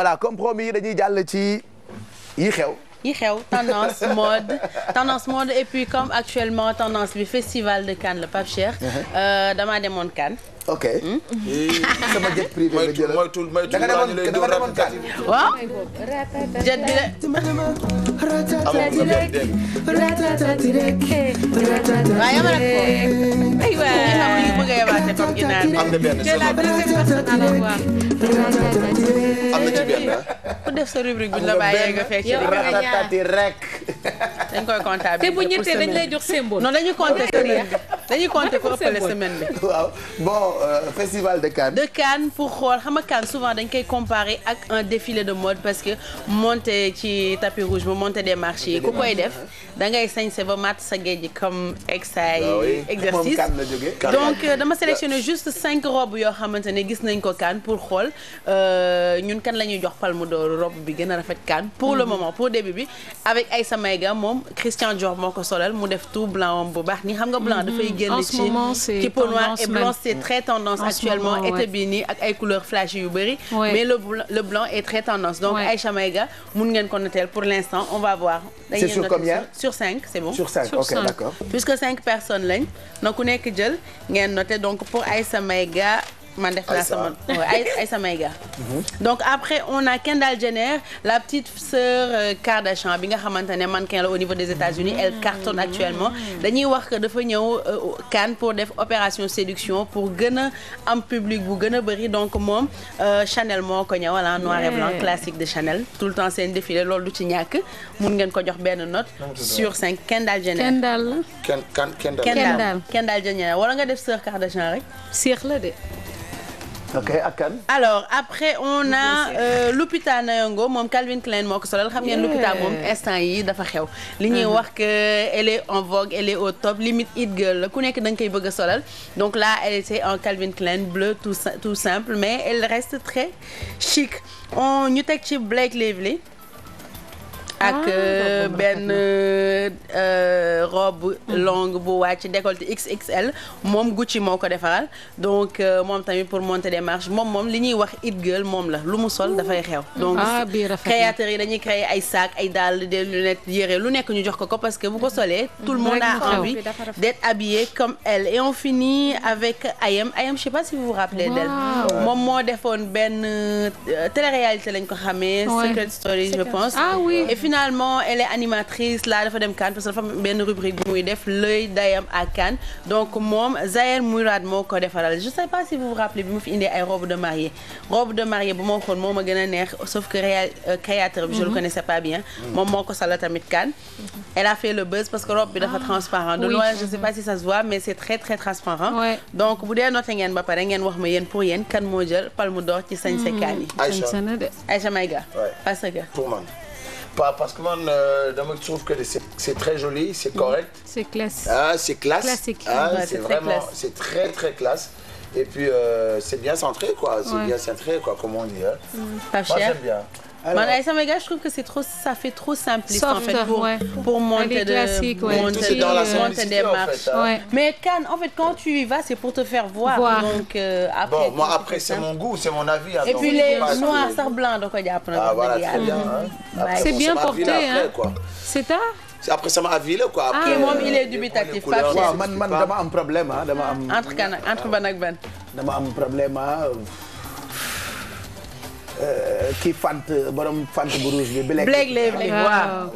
voilà comme promis dañuy jàll ci yi xew. yi xew tendance mode tendance mode et puis comme actuellement tendance bi festival de Cannes la Pape Cheikh. Uh-huh. Euh, damaa demoon Cannes. ok. Hmm? sama jet privé la jëlal moytu moytu moytu da nga Cannes. waaw. jet bi la. am am na ci benn ku ah? def sa rubrique bu la bàyyee nga fekk rek dañ koy comptabiliser te bu ñettee dañ lay jox symbole non dañuy compter dañuy compter pour ëppale semaine bi. waaw bon euh, festival de Cannes. de pour xool xam nga souvent dañ koy comparer ak un défilé de mode parce que monter ci tapis rouge ba monter des marchés yi ku koy def da ngay sañse ba mat sa géej gi comme exay exercice donc euh, dama sélectionner juste cinq robes yoo xamante ne gis nañ ko Cannes pour xool euh, ñun kan la ñuy jox palme d'or robe bi gën a rafet kaan pour le mm-hmm. moment pour début bi avec Aïssa Maïga moom Christian Dior moo ko solal mu def tout blanc bu baax ni xam nga génn ci ci peau noire et blanc c' est très tendance actuellement été bii nii ak ay couleurs flashy yu bëri mais le le blanc est très tendance donc Aïcha Maïga mun ngeen ko noter pour l' instant on va voir c'est sur combien sur cinq c'est bon sur cinq ok d'accord puisque cinq personnes lañ na ku nekk jël ngeen noter donc pour Aïcha Maïga man def naa sama ay samay gars. donc après on a kenn Kendall Jenner la petite sœur euh, Kardashian bi nga xamante ne mannequin la au niveau des États-Unis elle mhm. cartonne actuellement dañuy wax que dafa ñëw euh, Cannes pour def opération séduction pour gën a am public bu gën a bëri donc moom euh, Chanel moo ko ñëw voilà noir et blanc classique de Chanel tout le temps seen défilé loolu du ci ñàkk mun ngeen ko jox benn note sur cinq Kendall Jenner. Kendall Kendall Kendall Kendall Jenner wala nga def sœur Kardashian rek. seex la de. ok ak kan. alors après on a euh, Lupita Nyong'o moom Calvin Klein moo ko solal xam ngeen Lupita moom instant yi dafa xew. li ñuy uh-huh. wax que elle est en vogue elle est au limite it girl la ku nekk da koy bëgg a solal donc là elle était en Calvin Klein bleu tout tout simple mais elle reste très chic on ñu teg ci Blake Lively. ak ah, euh, benn euh, robe longue bu wàcc décolleté XXL moom Gucci moo ko defaral donc euh, moom tamit pour monter des marches moom moom li ñuy wax it girl moom la lu mu sol dafay xew. Mm. donc ah, créateurs yi dañuy créer ay sac ay dàll des lunettes yére lu nekk ñu jox ko ko parce que bu ko solee. Mm. tout le monde a envie d'être habillé comme elle et on finit avec Ayem Ayem je sais pas si vous vous rappelez moom moo defoon benn télé-réalité lañ ko xamee. Secret Story je pense. Ah finalement elle est animatrice là dafa dem Cannes parce que dafa am benn rubrique muy def l'œil d'ayam à Cannes donc moom Zahir Mourad moo ko defaral je sais pas si vous rappelez bi mu fi indee ay robe de mariée robe de mariée bu ma waxoon moo ma a neex sauf que euh, créateur je le mhm. connaissais pas bien moom moo ko sala tamit Cannes elle a fait le buzz parce que robe bi dafa ah. transparent de loin je sais pas si ça se voit mais c'est très transparent donc bu dee noté ngeen ba pare ngeen wax ma yéen pour yéen kan moo jël palme d'or ci sañ mhm. sekaan pas parce que man euh, dama trouve que c'est c'est très joli c'est correct. c'est classe ah c'est classe. classique ah ouais, c'est vraiment c'est très très classe. et puis euh, c'est bien centré quoi c'est ouais. bien centré quoi comme on dit. Hein. Pas cher moi j'aime bien. Alors, Man, ça gars, je trouve que c'est trop, ça fait trop simpliste Soft, en fait pour, ouais. pour monter de, ouais. monter, dans la monter des marches. En fait, hein. ouais. Mais Cannes, en fait, quand tu y vas, c'est pour te faire voir. voir. Donc euh, après. Bon, moi après, c'est mon goût, c'est mon avis. Hein, Et donc, puis les noirs, ça blanc, donc on y a Ah voilà, c'est bien. Ah, hein. C'est bien porté, hein. C'est tard. après sama avis la quoi. Ah, après moom il est euh, dubitatif. waaw man man dama am problème ah dama am. entre kan entre ban ak ban. dama am problème ah. Euh, ki fant borom fant bu rouge bi. Blake Lively waaw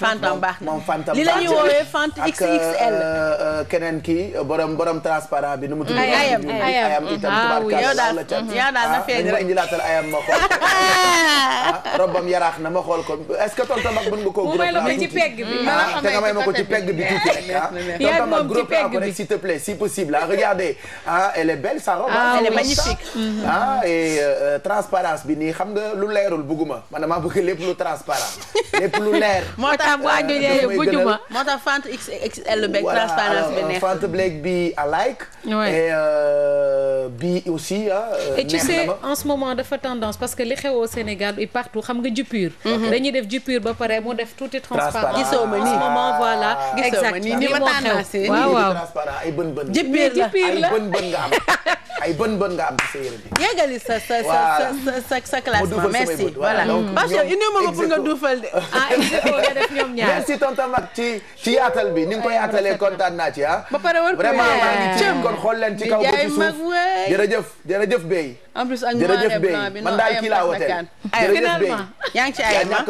fantam baax moom fantam li la ñuy woowee fant XXL. ak euh, euh, keneen kii borom borom transparent bi nu mu tudd. ayam ayam itam ah, tubaarkaal daal la ca. Mm-hmm. yow daal na ah, feeñ rek indilaatal ayam ma xool ko. Ah, robam yaraax na ma xool ko est-ce que tonton mag mën nga koo. mu may la ko ci pegg bi te nga may ma ko ci pegg bi tuuti rek ah. tonton mag groupe la ko rek s'il te plaît si possible ah regardez ah elle est belle sa robe. elle est magnifique ah et transparence bi lii xam nga lu leerul bugguma man damaa bëgg lépp lu transparent lépp lu leer. moo tax bu euh, àjjee bugguma moo tax fente XXL beeg transparence bi neex fente bi à like. et euh, bi aussi ah. Euh, en ce moment dafa tendance parce que li xew au Sénégal et partout xam nga jupur. Mhm. dañuy def jupur ba pare mu def tuuti transparent. gisoo ma nii en ce moment ma nii ay bën bën. la ay bën bën nga am. ay bën bën nga am ci sa yére bi. yeggali sa sa sa sa sa classement merci voilà. parce que indi ma ko pour de. ah nga def ñoom ñaar ci ci yaatal ni nga ko yaatalee kontaan naa ci ah. ba pare war vraiment maa ngi ci kon xool leen ci kaw ba ci suuf jërëjëf jërëjëf Bey. en plus ak noir et blanc bi man daal kii laa wote. ay yaa ngi ci ay ma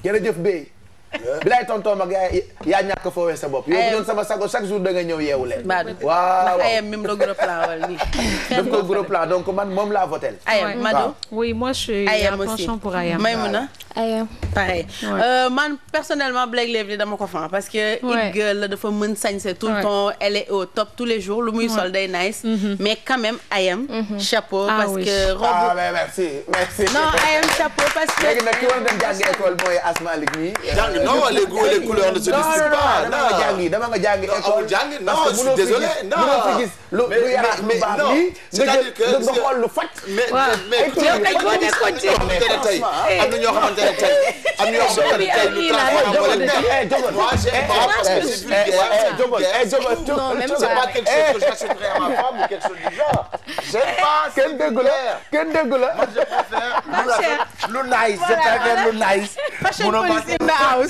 jërëjëf Bey. bilaay tonton mag yaa yaa ñàkk foowee sa bopp. ayam yow doon sama sago chaque jour da nga ñëw yeewu leen. waaw ndax ayam mi mu doon gros plan wala nii. daf ko gros plan donc man moom laa votel. ayam Madou ah. oui moi je suis ayam aussi pour ayam. Maïmouna ayam pareil. Euh, man personnellement Blake Lively dama ko fan parce que. it girl la dafa mën sañse tout le temps elle est au top tous les jours lu muy sol day nice. Mhm. mais quand ayam. chapeau parce que robe. ah mais non ayam chapeau parce ki war dem jàng école non les goûts et les couleurs ne se discutent pas. dama nga jàngi dama nga jàngi école. non je suis désolé non parce que mënoo fi gis mënoo fi gis. lu yàlla lu baax lii. c'est-à-dire que nga xool lu fat. mais mais tey am na ñoo xamante ne tey am na ñoo xamante ne tey am na ñoo xamante ne tey lu transparent wala nekk. moi j'aime pas parce que c'est vulgaire. non même pas c'est pas quelque chose que eh. j'achèterais à ma femme ou quelque chose du genre. j'aime pas kenn déggu la kenn déggu la. moi je préfère lu nice c'est-à-dire lu nice. fashion police in the house.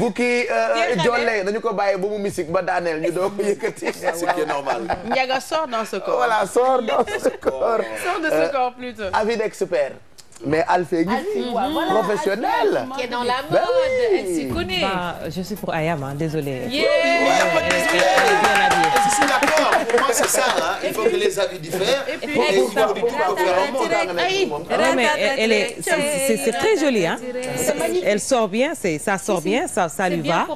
bu kii euh, jolle dañu ko bàyyi ba mu musique ba daaneel ñu doo ko yëkkati. ce qui est normal. Ndiaga sort dans ce corps. voilà sort dans ce corps. sort de ce euh, corps plutôt. avis d'expert. mais Alphée ngi fi professionnel. qui est dans la mode elle s'y connaît. je suis pour Ayam ah désolée. Moi, c'est ça hein. il faut que les avis diffèrent. et puis c'est très joli hein. elle sort bien c'est ça sort bien ça ça lui va.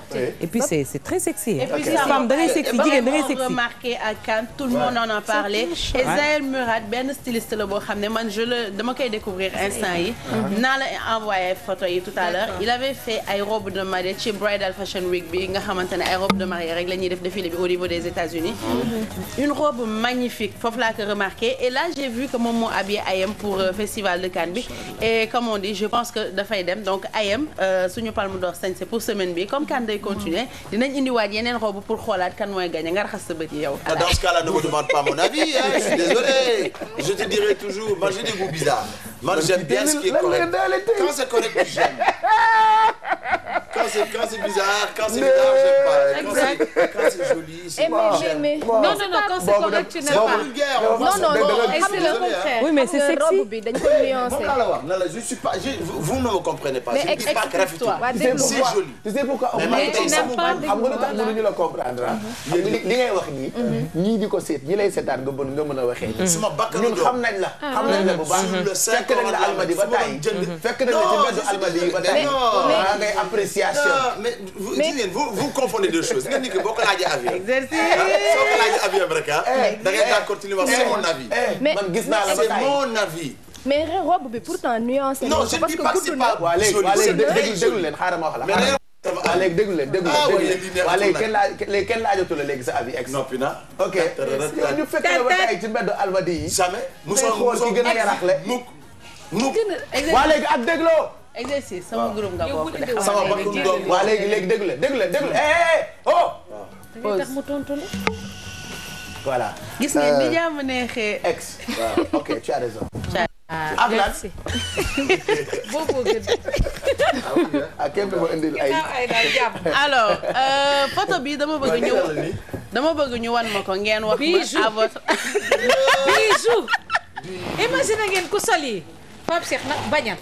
et puis c'est c'est très sexy. femme da ngay sexy jigéen da ngay sexy. remarqué à Cannes tout le monde en a parlé. et Zahel Mourad benn styliste la boo xam ne man je le dama koy découvrir ainsi. instant yi mhm. naa la envoyé photo yi tout à l'heure il avait fait ay robe de mariée ci bridal fashion week bi nga xamante ne ay robe de mariée rek la ñuy bi au niveau des États-Unis mhm. une robe magnifique foofu laa ko remarqué et là j'ai vu que moom moo habillé ayem pour euh, festival de Cannes bi et comme on dit je pense que dafay dem donc ayem euh, suñu palme d'or sañ c'est pour semaine bi comme Cannes day continuer mhm. dinañ indiwaat yeneen robe pour xoolaat kan mooy gagné nga raxas sa bët yi sais, je te dirai toujours, manger des goûts bizarres. Man, j'aime bien ce qui est correct. Quand c'est correct, j'aime. quand c'est bizarre, quand c'est bizarre, j'aime pas. Quand c'est joli, c'est pas. Mais, non, non, non, quand c'est correct, tu n'aimes pas. Non, non, non, et c'est le contraire. Oui, mais c'est sexy. Je suis pas, vous ne me comprenez pas. Je ne dis pas grave C'est joli. Tu sais pourquoi on Mais tu n'aimes pas. Xam nga lu tax mënuñu la comprendre. Ah? Li ngay wax nii, mhm. ñii di ko seet, ñi lay seetaan nga bon nga mën a waxee. Mm-hmm. Ñun xam nañ la, ah. xam nañ la bu baax. Fekk nañ la Almadies ba tey. Fekk nañ la ci mbedd Almadies ba tey. Ngay appréciation mais vous vous vous confondez deux choses nga ni que boo ko laajee avion. exercice soo ko laajee avion rek ah. Eh, da ngay eh. daan continuer wax c'est eh, mon avis. man gis naa la c'est mon avis. mais robe bi pourtant nuancé. non je ne participe pas waaw léegi waaw léegi déglu déglu leen xaaral ma wax la. waaw léegi déglu leen déglu ah, leen déglu waaw léegi kenn laaj léegi kenn laajatu la léegi sa avis ex. noppi na ok yow ñu fekk la ba tey ci mbedd almadi yi. jamais musoo musoo xool ki gën a yaraxle mukk mukk. waa léegi ak dégloo. exercice sama groupe nga bokk de sama bakkum doom waa léegi léegi déglu la déglu la déglu eh oh. pause tax mu tontu la. voilà. gis ngeen ni euh, jàmm neexee. ex waaw ok tu as raison. ak lan boobu gën ak képp ma indil ay alors euh, photo bi dama bëgg ñëw dama bëgg ñu wan ma ko ngeen wax ma à votre bijou imagine ngeen ku sol yi Pape Cheikh nag bañal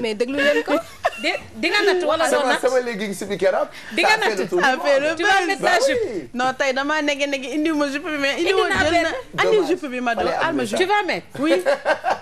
mais déglu leen ko di di nga natt wala doo natt sama léegi si bi keroog. di nga natt affaire tu vas mettre ta jupe. non tey damaa ma jupe bi mais indi ma jël na andi jupe bi ma doon alma jupe. tu vas mettre oui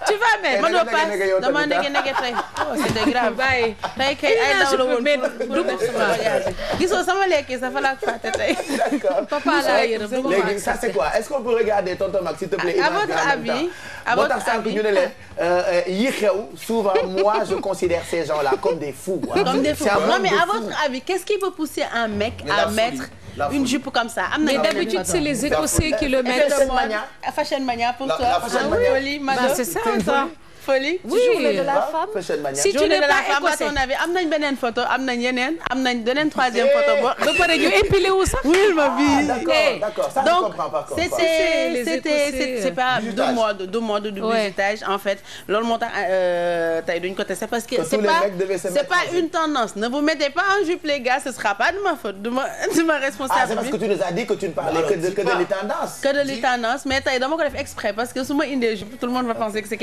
tu vas mettre. ma doon paas damaa nege nege ah. tey. Oh, c'est grave bàyyi tey kay ay ndaw la woon pour pour sama voyage. gisoo sama léegi sax fa laa fàtte tey. d'accord papa laa yërëm dama maa léegi ça c'est quoi est-ce qu'on peut regarder te plaît. à votre avis à votre avis moo tax sànq ñu ne leen euh, euh, yi xew souvent moi je considère ces gens-là comme des fous. Hein. Comme des a Non votre avis qu'est-ce qui peut pousser à mettre une jupe comme ça am na. les Écossais qui le mettent. fashion mania fashion mania pour toi. la fashion ah folie oui si tu n'es pas écossais journée de la femme à am nañ beneen am nañ yeneen am nañ beneen troisième eh. photo ba. ba pare ñu épilé wu sax. oui ma c'est pas du mode du mode du visitage en fait loolu moo tax euh, tey duñ ko tey c'est c'est pas une tendance ne vous mettez pas en jupe les gars ce ma faute de ma de ma ah, responsabilité. tu nous as dit que tu ne parlais que de que de de les tendances mais tey dama ko def exprès parce que su ma tout le monde va penser que c'est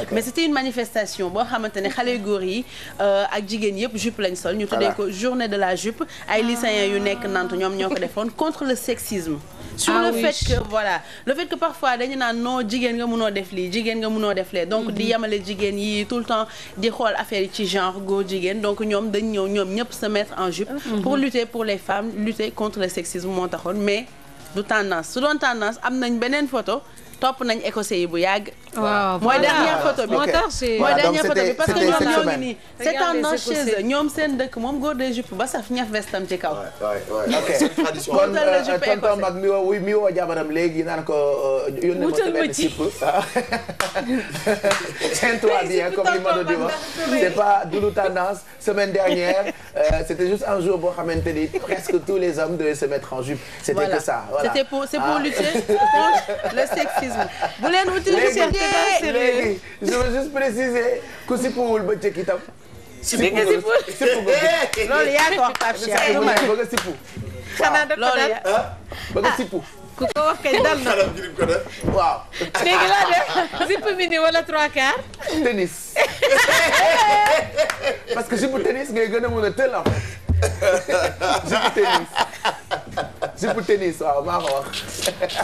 okay. mais c'était une manifestation boo xamante ne xale yu góor euh, ak jigéen yëpp jupe lañ sol ñu tuddee ko journée de la jupe ay lycéens yu nekk Nantes ñoom ñoo ko defoon contre le sexisme ah sur ah le fait que voilà le fait que parfois dañu naan non jigéen nga mënoo def lii jigéen nga mënoo def lee donc di mhm. yemale jigéen yi tout le temps di xool affaire yi ci genre góor jigéen donc ñoom dañ ñëw ñoom ñëpp se mettre en jupe mhm. pour lutter pour les femmes lutter contre le sexisme moo taxoon mais du tendance su doon tendance am nañ beneen photo topp nañ écossais yi bu yàgg. waaw mooy ah, dernière photo bi. moo que ñoom ñoo ngi c'est en non chez eux ñoom seen dëkk moom góor de jupe ba sa ñaf vestam ci kaw. ok kon euh, tonton mag mi woo mi woo léegi naan ko euh, yónnee ma ko benn jupe. tiens-toi bien comme li Mado di wax c'est pas Doudou Tendance semaine dernière euh, c'était juste un jour boo xamante ni presque tous les hommes devaient se mettre en jupe. c'était que ça voilà c'était pour c'est pour ah. lutter le sexisme. favoritisme bu leen utiliser Cheikh Tidiane Sène léegi je veux juste préciser ku sippuwul ba cëkk itam. sippu nga sippu sippu nga loolu yaa ku ko wax kay dal waaw. léegi laa def zip mini wala trois quarts. tennis. parce que zip tennis ngay gën a mën ah, a tennis. zip tennis waaw maa ko wax.